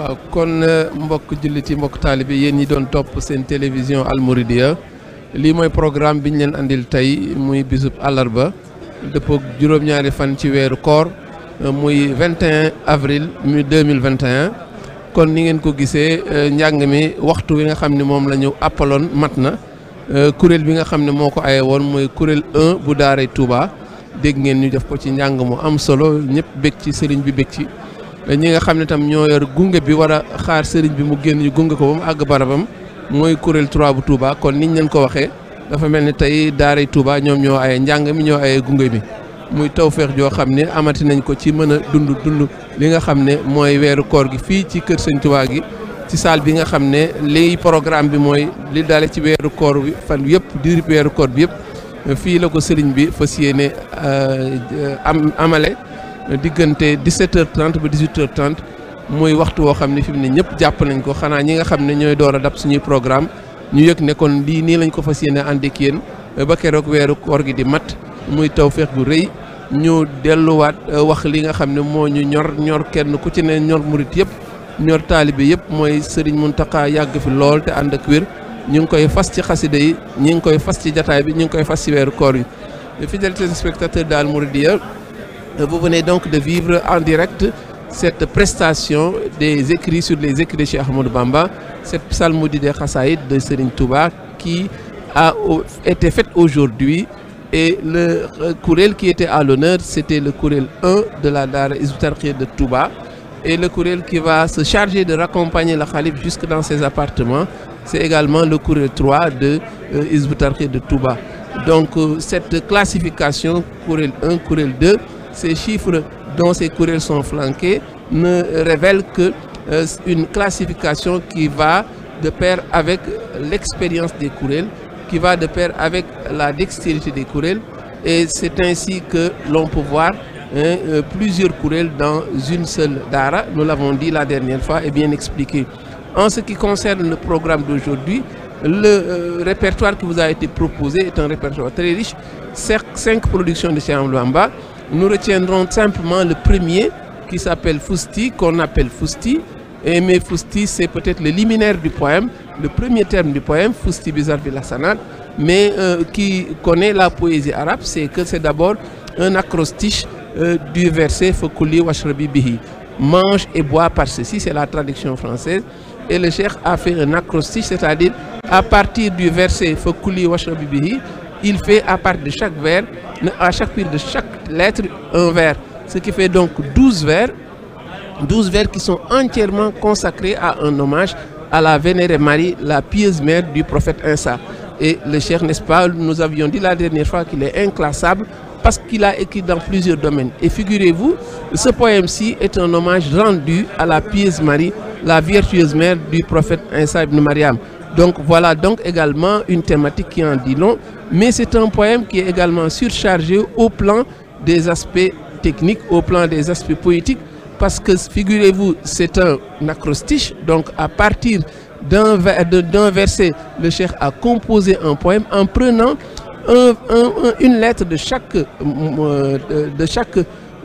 waaw kon euh, mbokk jullit yi mbokk taalibe yéen ñi doon topp seen télévision almouridia lii mooy programme bi ñu leen andil tey muy bisub àllarba dëppook juróom-ñaari fan ci weeru koor euh, muy 21 avril 2021 kon ni ngeen ko gisee euh, njàng mi waxtu wi nga xam ni moom la ñu àppaloon mat na kuréel bi nga xam ne moo ko ay woon mooy kuréel bu daaray Touba dégg ngeen ñu def ko ci njàng mu am solo ñëpp bég ci sëriñ bi bég ci ñi nga xam ne tam ñoo yor gunge bi war a xaar sëriñ bi mu génn gunge ko ba mu àgg barabam mooy kuréel 3 bu Touba kon niñ leen ko waxee dafa mel ni tey daaray Touba ñoom ñoo ay njàng mi ñoo ay gunge bi muy tawféex joo xam ne amati nañ ko ci mën a dund dund li nga xam ne mooy weeru koor gi fii ci kër sëñ Touba gi ci saal bi nga xam ne lii programme bi mooy li daal ci weeru koor bi fan yëpp di weeru koor bi yëpp fii la ko sëriñ bi fas yéene euh, am amale diggante 17h30 ba 18h30 muy waxtu woo xam ne fi mu ne ñëpp jàpp nañ ko xanaa ñi nga xam ne ñooy door a dab suñuy programme ñu yëg nekkoon kon lii nii lañ ko fas yéene ànd ak yéen ba keroog weeru koor gi di mat muy tawféex gu rëy ñu delluwaat euh, wax li nga xam ne moo ñu ñor ñor kenn ku ci ne ñor murit yëpp ñor taalibe yëpp mooy Serigne Mountakha yàgg fi lool te ànd ak wér ñu ngi koy fas ci xasida yi ñu ngi koy fas ci jataay bi ñu ngi koy fas ci weeru koor yi fidèles téléspectateurs daal Euh, vous venez donc de vivre en direct cette prestation des écrits sur les écrits de Cheikh Ahmadou Bamba, cette psalmodie des Khassaïd de Serigne Touba qui a été faite aujourd'hui et le euh, kuréel qui était à l'honneur, c'était le kuréel 1 de la Daara Hizbut de Touba et le kuréel qui va se charger de raccompagner le khalife jusque dans ses appartements, c'est également le kuréel 3 de euh, Hizbut Tarqiyyah de Touba. Donc euh, cette classification kuréel 1, kuréel Ces chiffres dont ces courriels sont flanqués ne révèlent que euh, une classification qui va de pair avec l'expérience des courriels, qui va de pair avec la dextérité des courriels. Et c'est ainsi que l'on peut voir Hein, euh, plusieurs courriels dans une seule dara. Nous l'avons dit la dernière fois et bien expliqué. En ce qui concerne le programme d'aujourd'hui, le euh, répertoire qui vous a été proposé est un répertoire très riche. Cinq productions de chez Amlouamba, nous retiendrons simplement le premier qui s'appelle Fousti, qu'on appelle Fousti. Et mais Fousti, c'est peut-être le liminaire du poème, le premier terme du poème, Fousti Bizarre Villassanat. Mais euh, qui connaît la poésie arabe, c'est que c'est d'abord un acrostiche euh, du verset Fokouli Washrabi Bihi. Mange et bois par ceci, c'est la traduction française. Et le cheikh a fait un acrostiche, c'est-à-dire à partir du verset Fokouli Washrabi Bihi, il fait à partir de chaque vers mais à chaque pile de chaque lettre, un vers. Ce qui fait donc 12 vers, 12 vers qui sont entièrement consacrés à un hommage à la Vénérée Marie, la pieuse mère du prophète Insa. Et le cher, n'est-ce pas, nous avions dit la dernière fois qu'il est inclassable parce qu'il a écrit dans plusieurs domaines. Et figurez-vous, ce poème-ci est un hommage rendu à la pieuse Marie, la vertueuse mère du prophète Insa ibn Mariam. Donc voilà donc également une thématique qui en dit long, mais c'est un poème qui est également surchargé au plan des aspects techniques, au plan des aspects poétiques, parce que figurez-vous, c'est un acrostiche, donc à partir d'un d'un verset, le cheikh a composé un poème en prenant un, un, une lettre de chaque, euh, de chaque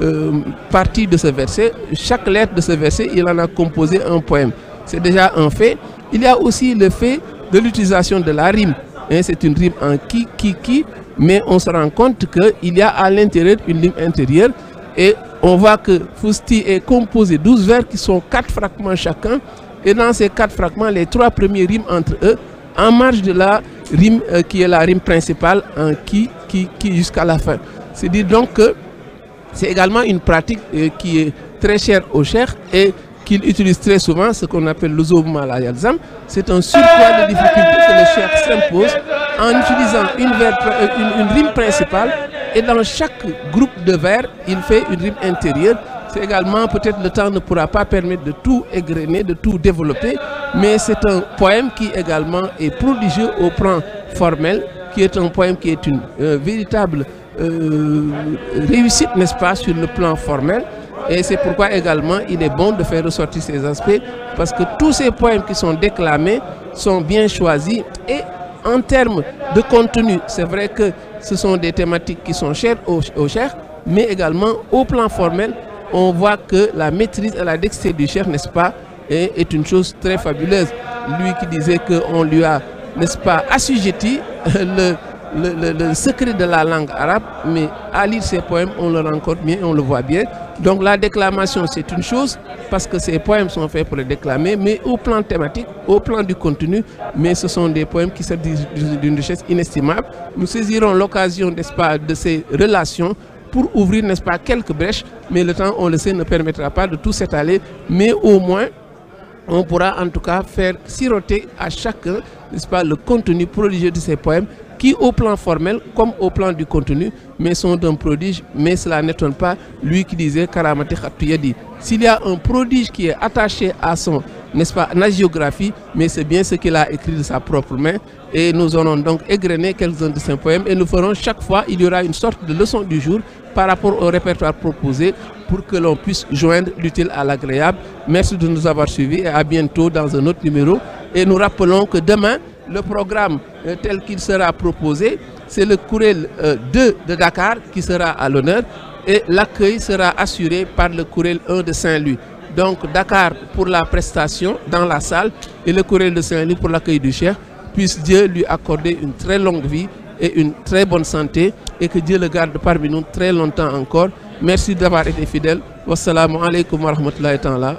euh, de ce Chaque lettre de ce verset, il en a composé un poème. C'est déjà un fait. Il y a aussi le fait de l'utilisation de la rime. Hein, c'est une rime en qui, qui, qui, mais on se rend compte qu'il y a à l'intérieur une rime intérieure et on voit que Fousti est composé de 12 vers qui sont 4 fragments chacun et dans ces 4 fragments, les 3 premiers rimes entre eux en marge de la rime euh, qui est la rime principale en qui, qui, qui jusqu'à la fin. C'est dire donc que c'est également une pratique euh, qui est très chère au cher et qu'il utilise très souvent, ce qu'on appelle l'ozoum à l'ayalzam, c'est un surpoids de difficulté que le cheikh s'impose en utilisant euh, une, rime principale et dans chaque groupe de vers, il fait une rime intérieure. C'est également, peut-être le temps ne pourra pas permettre de tout égrener, de tout développer, mais c'est un poème qui également est prodigieux au plan formel, qui est un poème qui une euh, véritable euh, réussite, n'est-ce pas, sur le plan formel, Et c'est pourquoi également il est bon de faire ressortir ces aspects parce que tous ces poèmes qui sont déclamés sont bien choisis et en termes de contenu, c'est vrai que ce sont des thématiques qui sont chères aux, aux mais également au plan formel, on voit que la maîtrise et la dextérité du chef, n'est-ce pas, est, une chose très fabuleuse. Lui qui disait qu'on lui a, n'est-ce pas, assujetti le le, le, secret de la langue arabe, mais à lire ses poèmes, on le rencontre Donc la déclamation, c'est une chose, parce que ces poèmes sont faits pour les déclamer, mais au plan thématique, au plan du contenu, mais ce sont des poèmes qui sont d'une richesse inestimable. Nous saisirons l'occasion, n'est-ce pas, de ces relations pour ouvrir, n'est-ce pas, quelques brèches, mais le temps, on le sait, ne permettra pas de tout s'étaler, mais au moins, on pourra en tout cas faire siroter à chacun, n'est-ce pas, le contenu prodigieux de ces poèmes qui au plan formel comme au plan du contenu, mais sont d'un prodige, mais cela n'étonne pas lui qui disait Karamati Khatuyadi. S'il y a un prodige qui est attaché à son, n'est-ce pas, à mais c'est bien ce qu'il a écrit de sa propre main. Et nous allons donc égrener quelques-uns de ses poèmes et nous ferons chaque fois, il y aura une sorte de leçon du jour par rapport au répertoire proposé pour que l'on puisse joindre l'utile à l'agréable. Merci de nous avoir suivis et à Euh, tel qu'il sera proposé. C'est le Kourel 2 euh, de Dakar qui sera à l'honneur et l'accueil sera assuré par le Kourel 1 de Saint-Louis. Donc Dakar pour la prestation dans la salle et le Kourel de Saint-Louis pour l'accueil du chef. Puisse Dieu lui accorder une très longue vie et une très bonne santé et que Dieu le garde parmi nous très longtemps encore. Merci d'avoir été fidèle. Wassalamu alaikum wa rahmatullahi ta'ala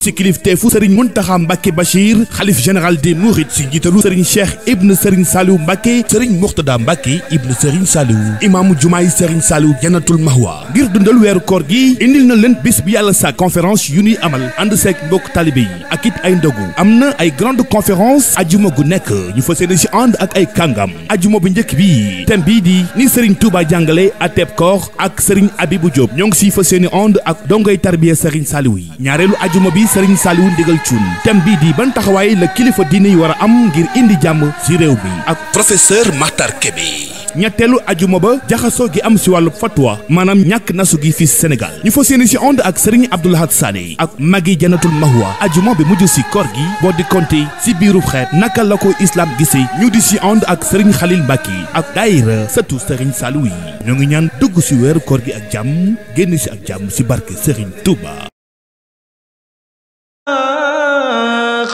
ci kilifteefu sëriñ muntaxa mbàkke bachir xalif général des mourides si njiitalu sëriñ cheikh ibn sëriñ saaliwu mbàkke sëriñ muxtada mbàkke ibn sëriñ saaliwu imaamu jumaay sëriñ saaliwu jannatul mahwa ngir dundal weeru koor gi indil na leen bis bi yàlla sa conférence yu ñuy amal ànd seek mbokk taalibé yi akit it ay ndogu am na ay grande conférence ajuma gu nekk ñu fa seeni si ànd ak ay kàngam ajuma bu njëkk bi thème bii di ni sëriñ touba jàngale ateb koor ak sëriñ abibu diop ñoo ngi si fa seeni ànd ak dongoy tarbiya sëriñ saaliwu yi Serigne Saliou Ndigal Thioune thème bii di ban taxawaay la kilifa diine yi war a am ngir indi jàmm ci réew mi ak professeur Makhtar Kébé. ñetteelu ajuma ba jaxasoo gi am si wàllu fatwa maanaam ñàkk nasu gi fii Sénégal ñu fa yéene si ond ak Serigne Abdoul Ahad Sané ak magi janatul mahwa ajuma bi mujj si kor gi boo di konté si biiru xeet naka la ko islaam gisee ñu di si ond ak Serigne Khalil Mbacke ak daayira sëtu Serigne Saliou yi ñoo ngi ñaan dugg si weeru koor gi ak jàmm génn si ak si barke Serigne Touba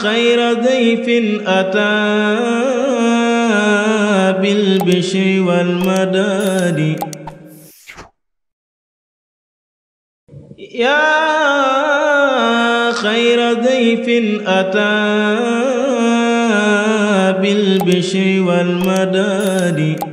خير ضيف أتى بالبشر والمداد يا خير ضيف أتى بالبشر والمداد